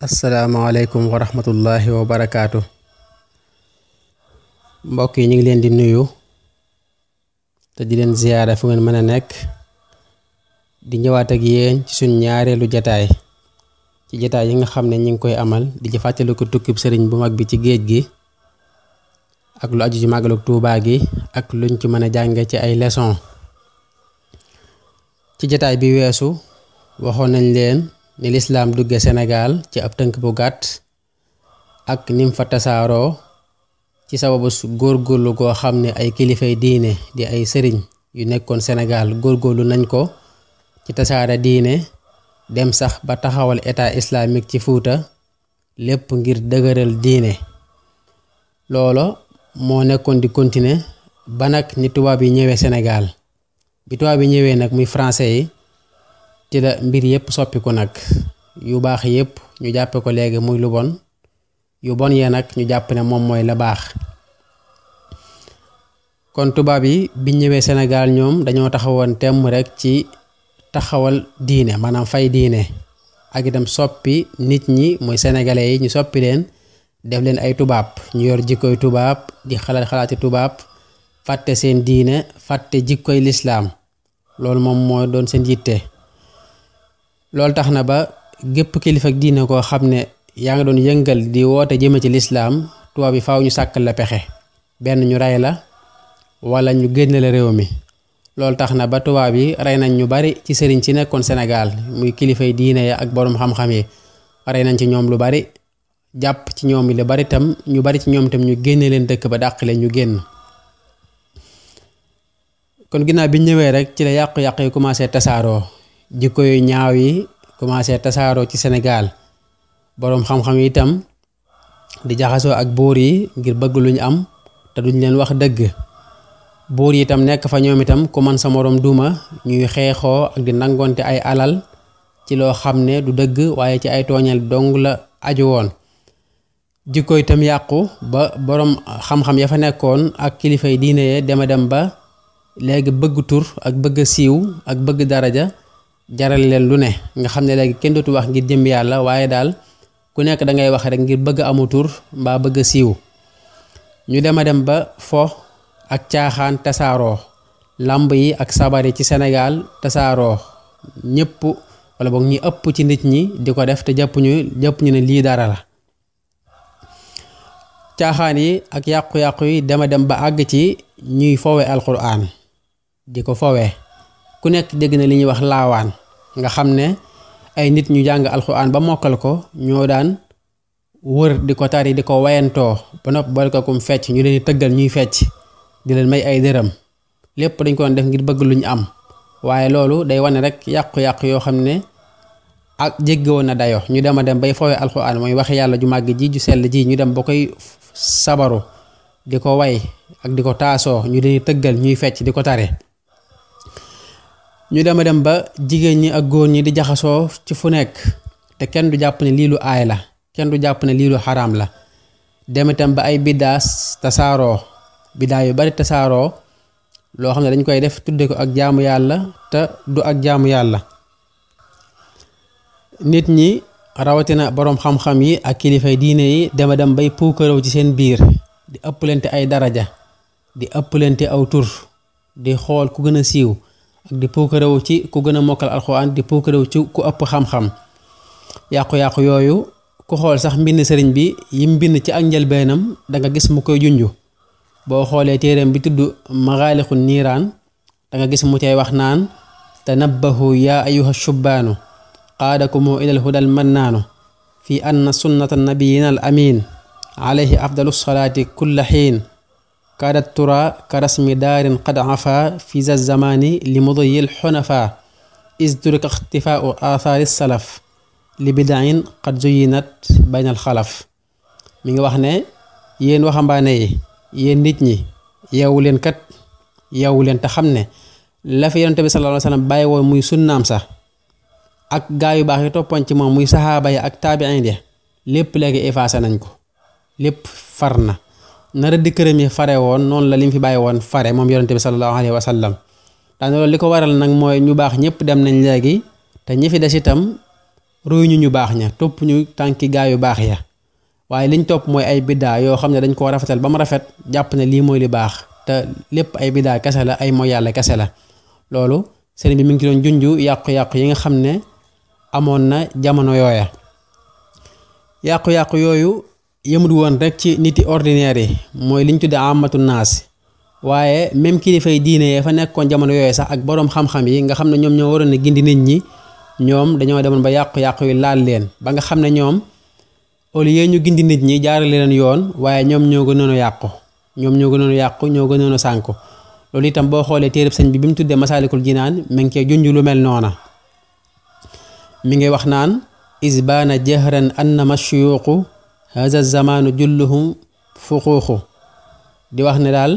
asalaamaaleykum wa rahmatullahi wa barakaatu mbokk yi ñu ngi leen di nuyu te di leen ziyaara fu ngeen mën a nekk di ñëwaat ak yéen ci suñ ñaareelu jataay ci jataay yi nga xam ne ñu ngi koy amal di ci fàttali tukkib sëriñ bu mag bi ci géej gi ak lu aju ci màggalug Tuubaa gi ak luñ ci mën a jànge ci ay leçon ci jataay bi weesu waxoon nañ leen ni lislaam dugge senegaal ci ab tënk bu gàtt ak nim fa tasaaroo ci sababu góorlu goo xam ne ay kilifay diine di ay sëriñ yu nekkoon senegaal góor góorlu nañ ko ci tasaara diine dem sax ba taxawal état islamique ci Fuuta lépp ngir dëgëral diine loolo moo nekkoon di continuer ba nag ni tubaab yi ñëwee senegaal bi tubaab yi ñëwee nag muy français yi ci la mbir yëpp soppiku nag yu baax yépp ñu jàppe ko léegi muy lu bon yu bon yee nag ñu jàpp ne moom mooy la baax kon tubaab yi biñ ñëwee senegal ñoom dañoo taxawoon temm rek ci taxawal diine maanaam fay diine ak itam soppi nit ñi muy sénégalais yi ñu soppi leen def leen ay tubaab ñu yor jikkoy tubaab di xalaat xalaati tubaab fàtte seen diine fàtte jikkoy lislaam loolu moom mooy doon seen yitte loolu tax na ba gépp kilifa ak diine koo xam ne yaa ngi doon yëngal di woote jëme ci lislaam tubaab yi faw ñu sàkkal la pexe benn ñu rey la walla ñu génne la réew mi loolu tax na ba tubaab yi rey nañ ñu bari ci sëriñ si nekkoon senegaal muy kilifay diine ya ak borom xam-xam yi rey nañ ci ñoom lu bari jàpp ci ñoom lu bari tam ñu bari ci ñoom tam ñu génne leen dëkk ba dàq leen ñu génn kon ginnaaw bi ñëwee rek ci la yàq yàq yi commencé tasaaroo jikko yu ñaaw yi commencé tasaaroo ci senegaal boroom xam-xam yi itam di jaxasoo ak buur yi ngir bëgg lu am te duñ leen wax dëgg buur yi itam nekk fa ñoom itam ku man sa moroom duma ñuy xeexoo ak di nangoonte ay alal ci loo xam ne du dëgg waaye ci ay tooñal dong la aju woon jikko itam yàqu ba boroom xam-xam ya fa nekkoon ak kilifa yi diine yee dema dem ba léegi bëgg tur ak bëgg siiw ak bëgg daraja jaral leen lu ne nga xam ne léegi kenn dootu wax ngir jëm yàlla waaye daal ku nekk da ngay wax rek ngir bëgg amu tur mbaa bëgg siiw ñu dem a dem ba fo ak caaxaan tasaaroo làmb yi ak sabar yi ci senegaal tasaaroo ñëpp wala boog ñi ëpp ci nit ñi di ko def te jàpp ñu ñu ne lii dara la caaxaan yi ak yàqu-yàqu yi dama dem ba àgg ci ñuy fowe alquran di ko fowe ku nekk dégg na li ñuy wax laawaan nga xam ne ay nit ñu jàng alxuraan ba mokkal ko ñoo daan wër di ko tari di ko wayantoo ba nopp boole ko kum fecc ñu leen tëggal ñuy fecc di leen may ay dërëm lépp dañ ko def ngir bëgg lu ñu am waaye loolu day wane rek yàqu-yàqu yoo xam ne ak jéggoon na dayo ñu dem a dem bay fowee alxuraan mooy waxi yàlla ju màgg ji ju sell ji ñu dem ba koy sabaru di ko way ak di ko taasoo ñu leen tëggal ñuy fecc di ko tare ñu dem a dem ba jigéen ñi ak góor ñi di jaxasoo ci fu nekk te kenn du jàpp ne lii lu aay la kenn du jàpp ne lii lu xaraam la dem ba ay biddaas tasaaroo biddaa yu bari tasaaroo loo xam ne dañ koy def tudde ko ak jaamu yàlla te du ak jaamu yàlla nit ñi rawatina boroom xam-xam yi ak kilifay diine yi dema dem bay puukarew ci seen biir di ëpplante ay daraja di ëpplante aw tur di xool ku gën a siiw di puukarewu ci ku gën a mokkal alxuraan di puukarewu ci ku ëpp xam-xam yàqu-yàqu yooyu ku xool sax mbind sëriñ bi yim mbind ci ak njëlbeenam danga gis mu koy junju boo xoolee téereem bi tudd maxaalixu niiraan danga gis mu cay wax naan te tanabbahu yaa ayuha shubbaanu qaadakumu ilal hudal mannaanu fi anna sunnata nabiyina al amin alayhi afdalu salaati kulla xiin كاد الترى كرسم دار قد عفا في ذا الزمان لمضي الحنفاء إذ ترك اختفاء آثار السلف لبدع قد زينت بين mi ngi wax ne yéen waxambaane yi yéen nit ñi yeewu leen kat yeewu leen te xam ne la fi yonent bi sallallahu alayhi wa sallam bàyyi woon muy sunnaam sax ak gaa baax yi toppoon ci moom muy saxaaba yi ak taabiin yi lépp léegi effacé nañ ko lépp far na nara dëkkëram yi fare woon noonu la li mu fi bàyyi woon fare moom yonente bi sallallahu alayhi wa sallam daane loolu li ko waral nag mooy ñu baax ñëpp dem nañ léegi te ñi fi des itam ruy ñu ñu baax ña topp ñu tànki gaa yu baax ya waaye liñ topp mooy ay biddaa yoo xam ne dañ koo rafetal ba mu rafet jàpp ne lii mooy li baax te lépp ay biddaa kese la ay mooy yàlla kese la loolu sëriñ bi mi ngi ci doon junju yàqu-yàqu yi nga xam ne amoon na jamono yooya yàqu-yàqu yooyu yëmut woon rek ci niti ordinaire yi mooy liñ tudde amatu naas waaye même kilifay diine yee fa nekkoon jamono yooyu sax ak boroom xam-xam yi nga xam ne ñoom ñoo waroon a gindi nit ñi ñoom dañoo demoon ba yàqu-yàqu yu laal leen ba nga xam ne ñoom au lieu ñu gindi nit ñi jaarale leen yoon waaye ñoom ñoo gënoon a yàqu ñoom ñoo gënoon a yàqu ñoo gënoon a sànku loolu itam boo xoolee téereb sëñ bi bi mu tuddee masaalikul jinaan mi ngi koy junj lu mel noona mi ngi wax naan isbaana na annama shuyuqu haza zamaanu julluhum fuquuxu di wax ne daal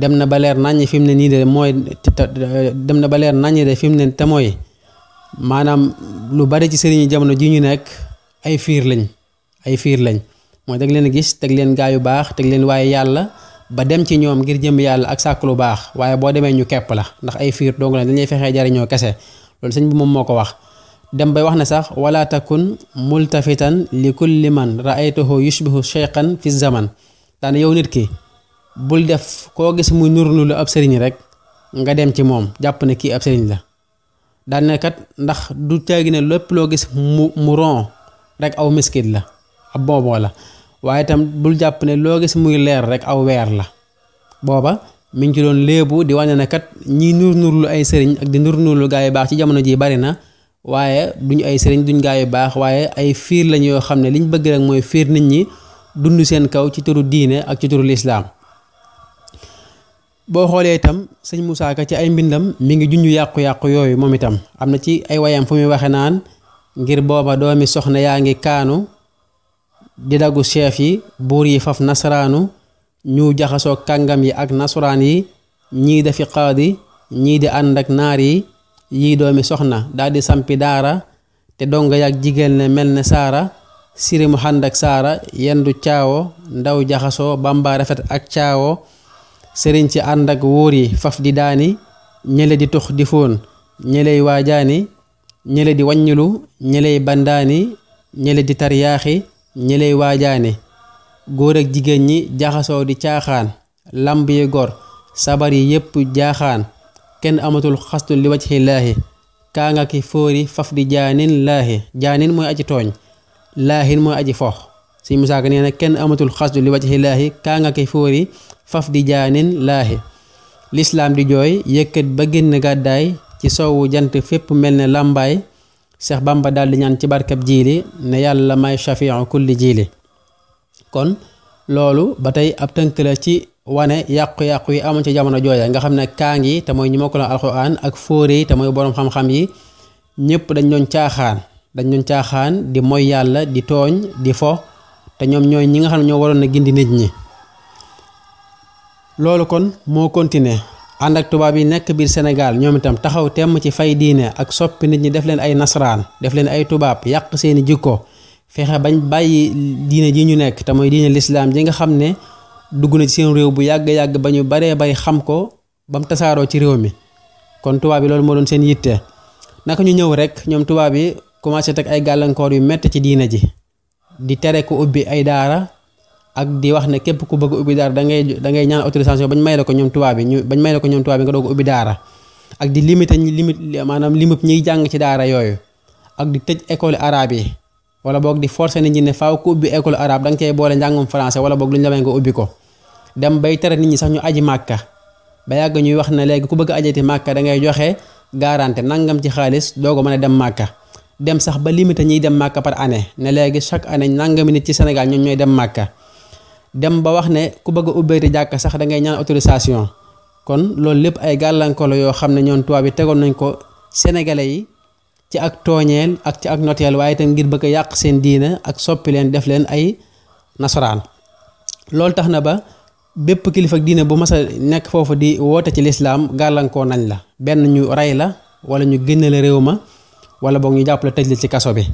dem na ba leer naññ fi mu ne nii de mooy dem na ba leer naññ de fi mu ne te mooy maanaam lu bari ci sëriñu jamono ji ñu nekk ay fiir lañ ay fiir lañ mooy teg leen gis teg leen gaa yu baax teg leen waaye yàlla ba dem ci ñoom ngir jëm yàlla ak sàkk lu baax waaye boo demee ñu kepp la ndax ay fiir dong la dañuy fexee jariñoo kese loolu sëñ bi moom moo ko wax dem bay wax na sax wala takun multafitan li kulli man raaytuhu yushbihu cheykhan fi zaman daane yow nit ki bul def koo gis muy nurlu lu ab sëriñ rek nga dem ci moom jàpp ne kii ab la daane kat ndax du caagi ne lépp loo gis mu mu ron rek aw miskit la ab booboo la waaye itam bul jàpp ne loo gis muy leer rek aw weer la booba mu ngi ci doon léebu di wàññe na kat ñi nur nurlu ay sëriñ ak di nur nurlu gaa yi baax ci jamono ji bari na waaye duñu ay sëriñ duñ gaa baax waaye ay fiir lañ yoo xam ne liñ bëgg rek mooy fiir nit ñi dund seen kaw ci turu diine ak ci turu lislaam boo xoolee itam sëñ Moussa ci ay mbindam mi ngi junj yàqu-yàqu yooyu moom itam am na ci ay wayam fu muy waxe naan ngir booba doomi soxna yaa ngi kaanu di daggu chef yi buur yi faf nasaraanu ñu jaxasoo kàngam yi ak nasaraan yi ñii dafi qaadi ñii di ànd ak naar yi yi doomi soxna daal di sampi daara te donga yàgg jigéen ne mel na saara siri mu xànd ak saara yendu caawo ndaw jaxasoo bamba rafet ak caawo sëriñ ci ànd ak wóor yi faf di daani ñële di tux di fóon ñëley waajaani ñële di waññilu ñëley bandaani ñële di taryaaxi ñëley waajaani góor ak jigéen ñi jaxasoo di caaxaan lamb yi gor sabar yi yépp jaaxaan kenn amatul xastu li wajhi laahi kaa nga ki fóori faf di jaanin laahi jaanin mooy aji tooñ laahin mooy aji fox si musaaka nee na kenn amatul xastu li wajhi laahi kaa nga ki fóori faf di jaanin laahi lislaam di jooy yëkkat ba génn gàddaay ci soowu jant fépp mel ne làmbaay Seex Bàmba daal di ñaan ci barkab jiili ne yàlla may shafiu kulli jiili kon loolu ba tey ab tënk la ci wane yàqu-yàqu yi amoon ci jamono jooja nga xam ne kaa yi te mooy ñi ma ko la alxuraan ak fóore yi te mooy boroom xam-xam yi ñëpp dañ doon caaxaan dañ doon caaxaan di moy yàlla di tooñ di fo te ñoom ñooy ñi nga xam ne ñoo waroon na gindi nit ñi loolu kon moo continuer ànd ak tubaab yi nekk biir Sénégal ñoom itam taxaw temm ci fay diine ak soppi nit ñi def leen ay nasaraan def leen ay tubaab yàq seeni jikko fexe bañ bàyyi diine ji ñu nekk te mooy lislaam ji nga xam ne dugg na ci seen réew bu yàgg yàgg ba ñu baree bay xam ko ba tasaaroo ci réew mi kon tubaab yi loolu moo doon seen yitte naka ñu ñëw rek ñoom tubaab yi commencé teg ay gàllankoor yu métti ci diina ji di tere ko ubbi ay daara ak di wax ne képp ku bëgg ubbi daara da ngay da ngay ñaan autorisation bañ may la ko ñoom tubaab yi ñu bañ may ko ñoom tubaab yi nga doog ubbi daara ak di limité ñi limite maanaam limub ñuy jàng ci daara yooyu ak di tëj école arabe yi wala boog di forcer nit ñi ne faaw ku ubbi école arabe da nga cay boole njàngum français wala boog lu ñu la may nga ubbi ko dem bay tere nit ñi sax ñu aji màkka ba yàgg ñuy wax ne léegi ku bëgg ajati màkka dangay joxe garantie nangam ci xaalis doo ko mën a dem màkka dem sax ba limité ñiy dem màkka par année ne léegi chaque année nangami nit ci senegal ñooñ ñooy dem màkka dem ba wax ne ku bëgg a jàkk sax da ngay ñaan autorisation kon loolu lépp ay gàllankoor yoo xam ne ñoom tubaab bi tegoon nañ ko sénégalais yi ci ak tooñeel ak ci ak noteel waaye itam ngir bëgg yàq seen diina ak soppi leen def leen ay nasaraan bépp kilifa ak diine bu mas a nekk foofa di woote ci lislaam gàllankoo nañ la benn ñu rey la wala ñu génne la réew ma wala boog ñu jàpp la tëj ci kaso bi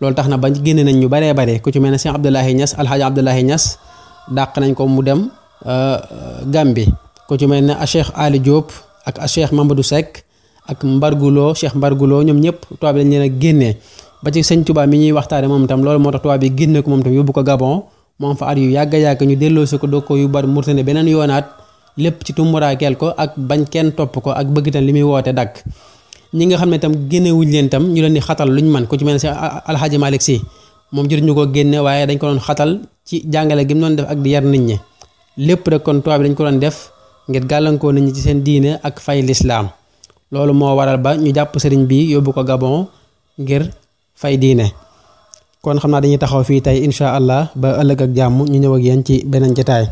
loolu tax na ba génne nañ ñu baree bare ku ci mel ne Cheikh Abdoulahi Niass Alhaji Abdoulahi Niass dàq nañ ko mu dem euh, Gambi ku ci mel ne Cheikh Ali Diop ak Cheikh Mamadou sekk ak Mbarguloo Cheikh Mbarguloo ñoom ñëpp tubaab bi dañ leen a génnee ba ci sëñ Tuubaa mi ñuy waxtaane moom itam loolu moo tax tubaab bi génne ko moom tam yóbbu ko Gabon moom fa at yu yàgg yàgg ñu delloo si ko doo ko yu bari murtane beneen yoonaat lépp ci tumuraakeel ko ak bañ kenn topp ko ak bëgg itam li muy woote dakk ñi nga xam ne tam génnewuñ leen itam ñu leen di xatal lu ñu man ku ci mel ne si alxaaji Malick si moom jëriñu ko génne waaye dañ ko doon xatal ci jàngale gi mu doon def ak di yar nit ñi lépp rek kon tubaab dañ ko doon def ngir gàllankoo nit ñi ci seen diine ak fay lislaam loolu moo waral ba ñu jàpp sëriñ bi yóbbu ko Gabon ngir fay diine kon xam naa dañuy taxaw fii tey incha allah ba ëllëg ak jàmm ñu ñëw ak yéen ci beneen jotaay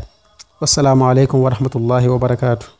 wasalaamaaleykum wa rahmatullahi wa barakaatu.